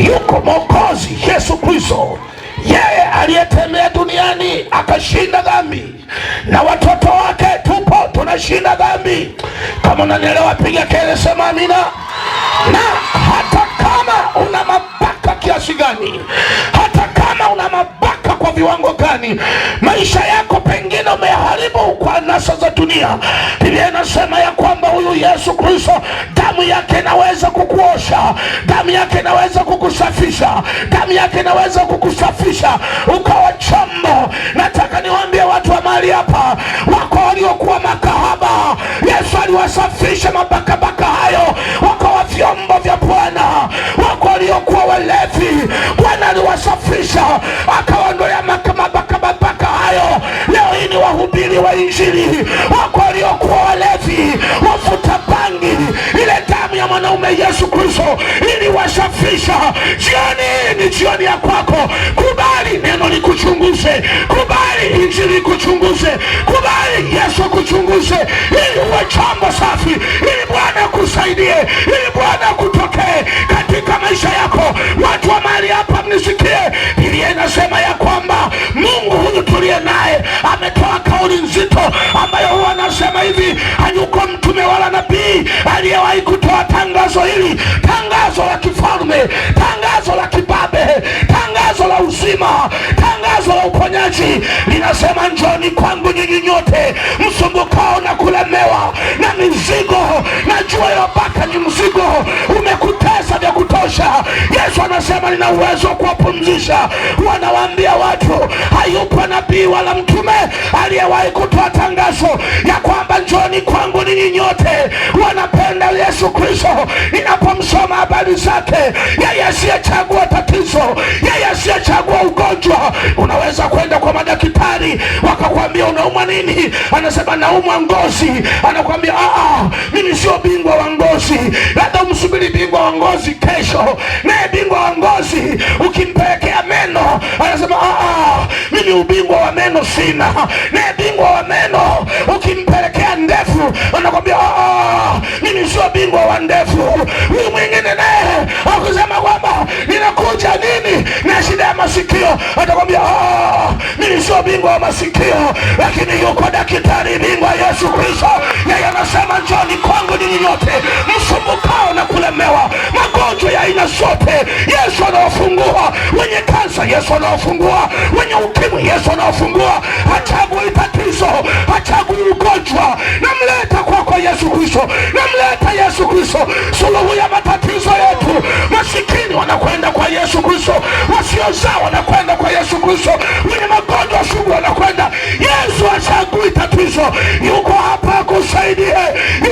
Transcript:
yuko Mwokozi Yesu Kristo, yeye aliyetembea duniani akashinda dhambi, na watoto wake tupo tunashinda dhambi. Kama unanielewa, piga kelele, sema amina. Na hata kama una mabaka kiasi gani, hata kama una mabaka kwa viwango gani, maisha yako pengine umeharibu kwa nasa za dunia, Biblia inasema yako Yesu Kristo, damu yake inaweza kukuosha, damu yake inaweza kukusafisha, damu yake inaweza kukusafisha ukawa chombo. Nataka niwaambie watu wa mahali hapa, wako waliokuwa makahaba, Yesu aliwasafisha mabakabaka hayo wakawa vyombo vya Bwana. Wako waliokuwa walevi, Bwana aliwasafisha akawaondolea mabakabaka hayo. Leo hii ni wahubiri wa Injili, wako waliokuwa walevi Yesu Kristo ili washafisha jioni. Ni jioni ya kwako. Kubali neno likuchunguze, kubali injili kuchunguze, kubali Yesu kuchunguze, ili uwe chombo safi, ili Bwana kusaidie, ili Bwana kutokee katika maisha yako. Watu wa mahali hapa mnisikie, ili anasema ya uliye naye ametoa kauli nzito ambayo huwa anasema hivi, hayuko mtume wala nabii aliyewahi kutoa tangazo hili, tangazo la kifalme, tangazo la kibabe, tangazo la uzima, tangazo la uponyaji. Linasema, njoni kwangu nyinyi nyote msumbukao na kulemewa na mizigo, na jua kuwapumzisha. Yesu anasema nina uwezo wa kuwapumzisha. Wanawaambia watu, hayupo nabii wala mtume aliyewahi kutoa tangazo ya kwamba njoni kwangu ninyi nyote wanapenda Yesu Kristo. Ninapomsoma habari zake, yeye asiyechagua tatizo, yeye asiyechagua ugonjwa. Unaweza kwenda kwa madaktari wakakwambia unaumwa nini, anasema naumwa ngozi, anakwambia mimi sio bingwa wa ngozi ili bingwa wa ngozi kesho, naye bingwa wa ngozi ukimpelekea meno anasema ah, ah, mimi ubingwa wa meno sina, naye bingwa wa meno ukimpelekea ndefu anakwambia ah, mimi sio bingwa wa ndefu. Huyu mwingine naye akusema kwamba ninakuja nini na shida ya masikio, atakwambia mimi sio bingwa wa masikio, lakini yuko daktari bingwa Yesu Kristo, yeye anasema njoni kwangu ninyi nyote msumbukao kulemewa, magonjwa ya aina zote, Yesu anawafungua. Wenye kansa, Yesu anawafungua. Wenye ukimwi, Yesu anawafungua. Hachagui tatizo, hachagui ugonjwa, namleta kwakwa kwa Yesu Kristo, namleta Yesu Kristo, suluhu ya matatizo yetu. Masikini wanakwenda kwa Yesu Kristo, wasiozaa wanakwenda kwa Yesu Kristo, wenye magonjwa sugu wanakwenda. Yesu hachagui tatizo, yuko hapa kusaidia.